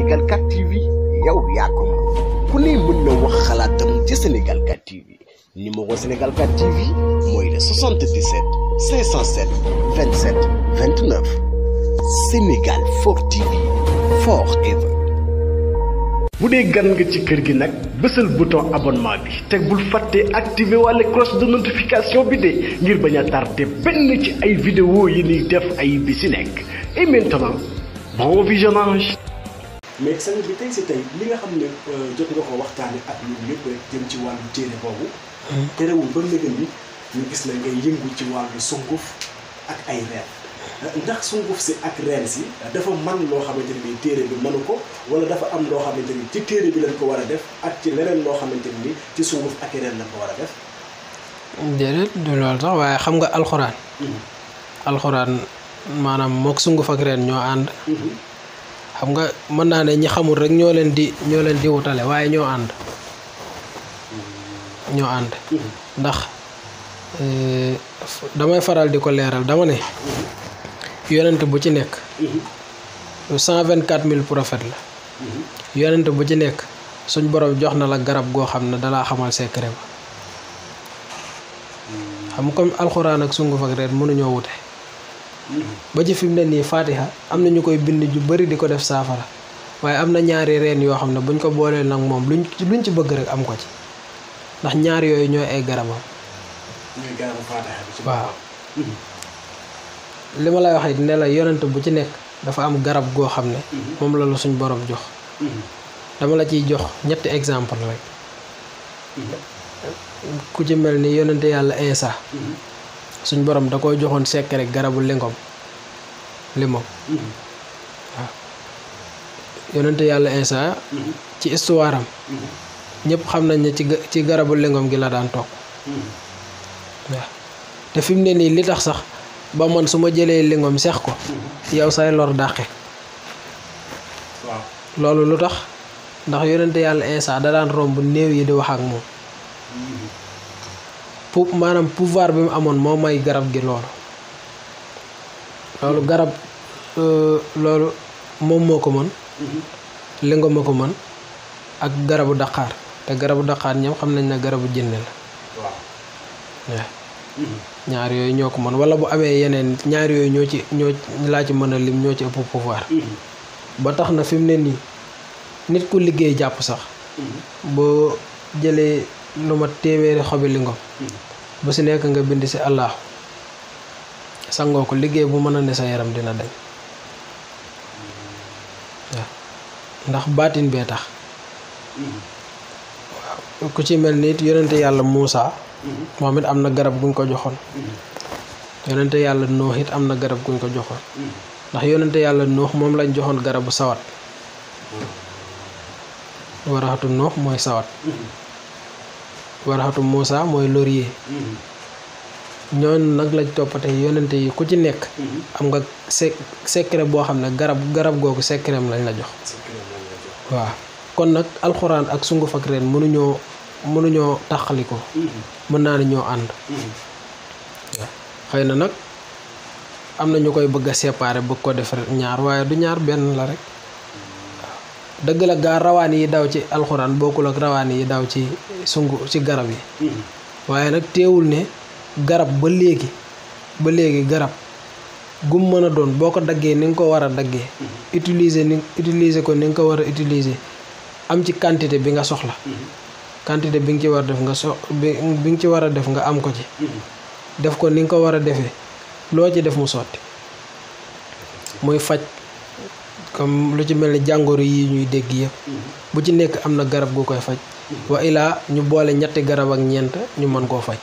Sénégal 4 TV yow yakum. ko ne mën na wax xalaatam ci Sénégal 4 TV numéro Sénégal 4 TV moy le 77 507 27 29 Sénégal 4 TV forever. bu dee gan nga ci kër gi nag bésal bouton abonnement bi teg bul fàttee activé cloche de notification bi de ngir bañ a tardé ci ay vidéo yi ni def ay et maintenant bon visionnage mais sëriñ bi tey si tey li nga xam ne euh, jot nga ko waxtaane ak ñun lépp rek jëm ci wàllu téere boobu. Hmm. terewul ba léegi ni ñu gis la ngay yëngu ci wàllu sunguf ak ay reen. ndax sunguf si ak reen si dafa man loo xamante ni téere bi mënu ko wala dafa am loo xamante ni ci téere bi lañ ko war a def ak ci leneen loo xamante ni ci sunguf ak reen lañ ko war a def. déedéet du loolu sax waaye xam nga alxuraan. Hmm. alxuraan maanaam mook sunguf ak reen ñoo ànd. Hmm. xam nga mën naa ne ñi xamul rek ñoo leen di ñoo leen di wutale waaye ñoo ànd mm-hmm. ñoo ànd mm-hmm. ndax eh, damay faral di ko leeral dama ne mm-hmm. yonent bu ci nekk cent vingt quatre mille prophètes la yonent bu ci nekk suñ borom jox na la garab goo xam ne dalaa xamal secret ba xam comme alxuraan ak sunguf ak reer mënuñoo wute ba ci fi mu ne nii Fatiha am na ñu koy bind ju bari di ko def saafara waaye am na ñaari reen yoo xam ne buñ ko boolee nag moom luñ luñ ci bëgg rek am ko ci ndax ñaari yooyu ñooy ay garabam. ñooy waaw li ma lay wax it la yonent bu ci nekk dafa am garab goo xam ne. Mhm. moom la suñ borom jox. Mhm. dama la ciy jox ñetti exemple rek. Mhm. ku ci mel ni yonent yàlla Iisaa suñ borom da koy joxoon rek garabu lingom limo waaw yalla insa ci histoire mhm. ñepp ñëpp xam nañ ne ci ci garabu lingom gi la daan tok mhm. te fim ne ni li tax sax ba man suma jele lingom ko mhm. yow say lor daqé waaw loolu lu ndax yonente yalla insa da daan romb neew yi di wax ak pour maanaam pouvoir bi mu amoon moo may garab gi loolu loolu garab euh, loolu moom moo ko mën mm-hmm. lingo ma ko mën ak garabu daqaar te garabu daqaar ñoom xam nañ ne garabu jënde la mm-hmm. ñaar yooyu ñoo ko mën wala bu amee yeneen ñaar yooyu ñoo ci ñoo laa ci mën a lim ñoo ci ëpp pouvoir mm-hmm. ba tax na fi mu ne nii nit ku liggéey jàpp sax boo jëlee lu ma téeméeri xobi lingo hmm. bu si nekk nga bind si allah sangoo ko liggéey bu mën a ne sa yaram dina dañ hmm. ndax baatin bee tax hmm. waaw ku ci mel ni it yonente yàlla Muusa moom it am na garab guñ ko joxoon yonente yàlla Nuux am na garab guñ ko joxoon ndax yonente yàlla Nuux moom lañ joxoon garabu sawat waraxatu Nuux mooy sawat warxatu Moussa mooy laurier ñoo nag lañ toppate yonente yi ku ci nekk mhm. am nga se boo xam ne garab garab googu secret lañ la jox waaw kon nag alxuraan ak sunguf ak reen mënuñoo mënuñoo taqali ko mhm. mën naa ne ñoo ànd mhm. xëy na nag am na ñu koy bëgg a séparer bëgg ko def ñaar waaye du ñaar benn la rek dëgg la gaa rawaan yi daw ci alxuraan bokkul ak rawaan yi daw ci sungu ci garab yi waaye nag teewul ne garab ba léegi ba léegi garab gu mën a doon boo ko daggee ni nga ko war a daggee utiliser ni utiliser ko ni nga ko war a utiliser am ci quantité bi nga soxla quantité bi nga ci war a def nga so bi nga ci war a def nga am ko ci def ko ni nga ko war a defee loo ci def mu sotti muy faj comme lu ci mel ni jàngoro yi ñuy dégg yëpp mm-hmm. bu ci nekk am na garab gu koy faj wa ilaa ñu boole ñetti garab ak ñeent ñu mën koo faj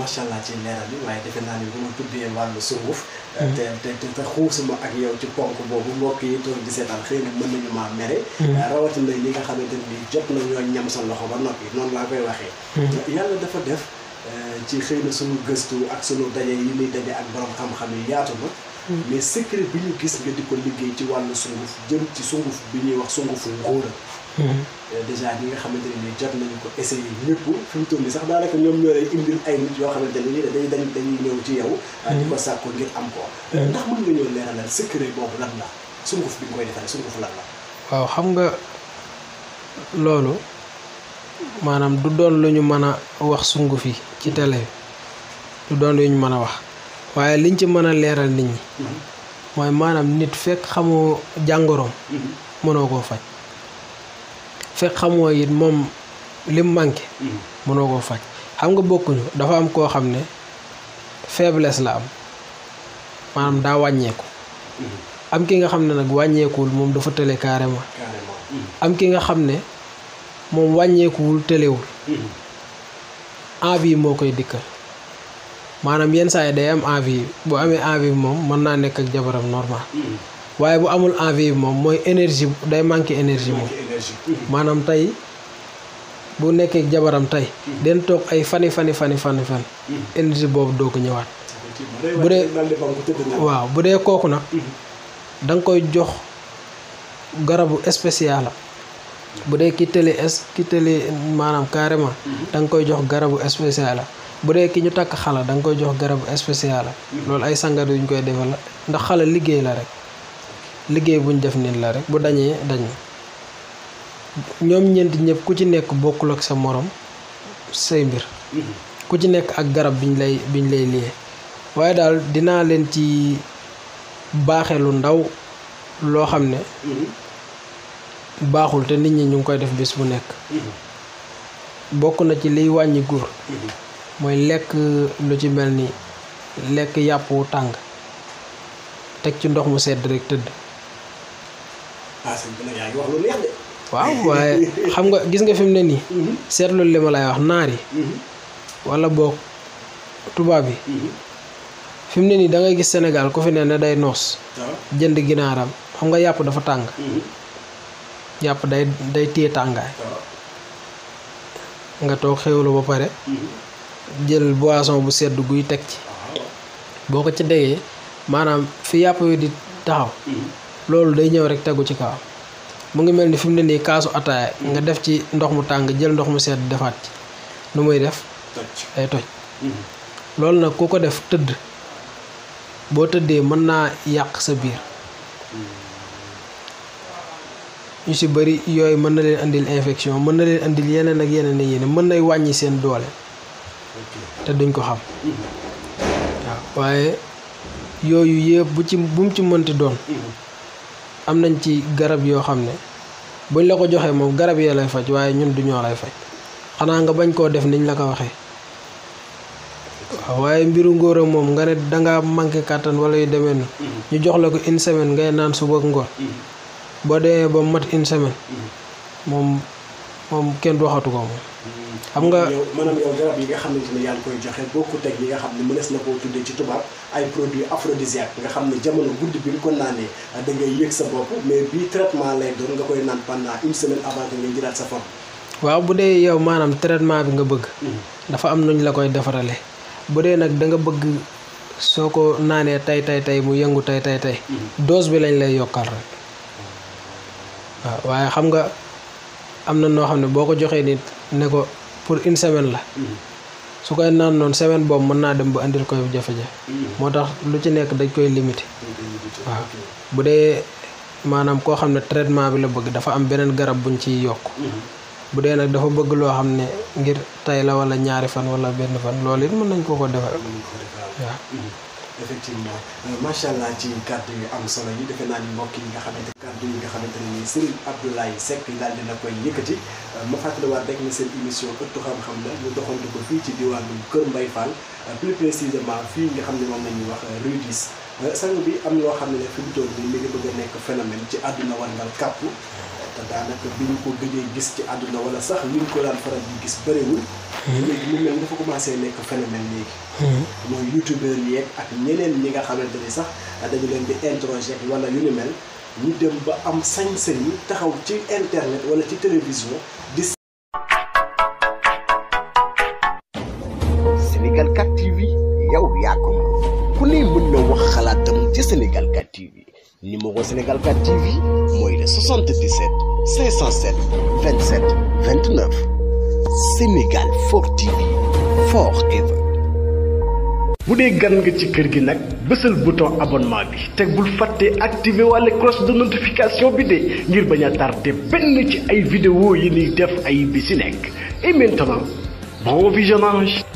waaw allah ci leeral bi waaye defe naa ni bu ma tuddee wàllu sunguf mm-hmm. te te te xuusuma ak yow ci ponk boobu mbokk yi toog di seetaan xëy na mën nañu maa mere mm-hmm. euh, rawatina li nga xamante ni jot na ñoo ñam sa loxo ba noppi noonu laa koy waxee yàlla dafa def euh, ci xëy na sunu gëstu ak sunu daje yi ñuy daje ak borom xam-xam yi yaatu Mm. mais secret bi ñu gis nga di ko liggéey ci wàllu sunguf jëm ci sunguf bi ñuy wax sungufu ngóora mm-hmm. euh, dèjà ñi nga xamante ne nii jot nañu ko essayé yi fi mu toll nii sax daanaka ñoom ñoo indil ay nit yoo ne nii dañuy dañ dañuy ñëw ci yow ah, di mm-hmm. ko sàkku ngir am ko mm-hmm. ndax mën nga ñëw leeralal secret boobu lan la sunguf bi nga koy defaree sunguf lan la waaw xam nga loolu maanaam du doon lu ñu mën a wax sunguf yi ci télé du doon lu ñu mën a wax waaye liñ ci mën a leeral nit ñi mooy maanaam nit fekk xamoo jàngoroom mënoo koo faj fekk xamoo it moom lim manqué mënoo koo faj am nga bokkuñu dafa am koo xam ne faiblesse la am maanaam daa wàññeeku am ki nga xam ne nag wàññeekuwul moom dafa tële carrément am ki nga xam ne moom wàññeekuwul tëlewul hmm. envie moo koy dikka maanaam yenn saa yi day am envie bu amee envie bi moom mën naa nekk ak jabaram normal hmm. waaye bu amul envie bi moom mooy énergie day manqué énergie moom hmm. maanaam tey bu nekkee jabaram tey hmm. den toog ay fani fani fani fani fan énergie boobu doo ko ñëwaat bu dee waaw bu dee kooku nag da nga koy jox garabu spécial bu dee ki es ki maanaam carrément da nga koy jox garabu spécial bu dee ñu takk xala danga koy jox garab spécial loolu ay sangat yuñ koy defal la ndax xala liggéey la rek liggéey buñ def nit la rek bu dañee dañ ñoom ñeenti ñëpp ku ci nekk bokkul ak sa morom say mbir ku ci nekk ak garab biñ lay biñ lay liyee waaye daal dinaa leen ci baaxee lu ndaw loo xam ne baaxul te nit ñi ñu ngi koy def bis bu nekk bokk na ci liy wàññi góor mooy lekk lu ci mel ni lekk yàpp wu tàng teg ci ndox mu sedd rek tëdd. Ah, waaw waaye xam nga gis nga fi mu ne nii. Mhm. seetlu li lay wax naar yi. Mhm. wala boog tubaab yi. Mhm. fi mu ne nii dangay gis Sénégal ku fi ne ne day noos. Ah. jënd ginaaram xam nga yàpp dafa tàng. yàpp day day tàngaay. Ah. nga toog xéwlu ba pare. jël boisson bu sedd guy teg ci boo ko ci degee maanaam fi yàpp wi di taxaw loolu day ñëw rek tegu ci kaw mu ngi mel ni fi ne nii kaasu ataaya nga def ci ndox mu tàng jël ndox mu sedd defaat ci nu muy def day toj hmm. loolu nag ku ko def tëdd boo tëddee mën naa yàq sa biir ñu hmm. si bëri yooyu mën na leen indil infection mën na leen indil yeneen ak yeneen ak yeneen mën nay wàññi seen doole te duñ ko xam waaye yooyu yëpp bu ci bu mu ci mënti doon am nañ ci garab yoo xam ne buñ la ko joxee moom garab yee lay faj waaye ñun du ñoo lay faj xanaa nga bañ koo def niñ la ko waxee waaye mbiru ngóor moom nga ne dangaa manqué kàttan wala yu demee noonu ñu jox la ko une semaine ngay naan suba ak ngoon boo demee ba mat une semaine moom moom kenn waxatu ko moom xam nga mën maanaam yow garab yi nga xamante ne yaa ngi koy joxe ko ak yi nga xam ne mënees na koo tuddee ci tubaab ay produits aphrodisiaques nga xam ne jamono guddi bi nga ko naanee ah, da ngay sa bopp mais bii traitement lay doon nga koy naan pendant une semaine avant que nga jëlaat sa forme. waaw bu dee yow maanaam traitement bi nga bëgg. Hmm. dafa am nuñ la koy defarale bu dee nag danga nga bëgg soo ko naanee tey tey tey mu yëngu tey tey tey. Hmm. dose bi lañ lay yokkal rek. Hmm. waaye xam nga am na noo xam ne boo ko joxee nit. ne ko pour une semaine la su koy naan noonu semaine boobu mën naa dem ba indil koy jafe-jafe moo tax lu ci nekk dañ koy limité waaw bu dee maanaam koo xam ne traitement bi la bëgg dafa am beneen garab buñ ciy yokk bu dee nag dafa bëgg loo xam ne ngir tey la wala ñaari fan wala benn fan loolu it mën nañ koo ko defal waaw effectivement euh, macha allah ci kàddu yu am solo yi defe naa ni mbokk yi nga xamante kàddu yi nga xamante ne nii Serigne Abdoulaye Seck daal dina koy yëkkati euh, ma fàttaliwaat rek ne seen émission ëttu xam-xam la ñu doxantu ko fii ci diwaanu Kër Mbaye Fall euh, plus précisément fii nga xam ne moom la ñuy wax rue 10 sang bi am yoo xam ne ne fi mu toll nii mi ngi bëgg a nekk phénomène ci àdduna warngal kàpp te daanaka bi ñu ko gëjee gis ci àdduna wala sax li ngi ko daan faral di gis bëriwul léegi ñu mel dafa commencé nekk phénomène léegi. Hmm. mooy youtubeur yeeg ak ñeneen ñi nga xamante ni sax dañu leen di interroger wala yu ni mel ñu dem ba am sañ-sañ yi taxaw ci internet wala ci télévision di. Sénégal 4 TV yow yaa ko ku ne mën na wax xalaatam ci Sénégal 4 TV numéro Sénégal 4 TV mooy le 77 507 27 29. Sénégal 4 TV forever. bu dee gan nga ci kër gi nag bésal bouton abonnement bi teg bul fàtte activé walla cloche de notification bi de ngir bañ a tardé benn ci ay vidéo yi ni def ay bi ci nekk et maintenant bon visionnage.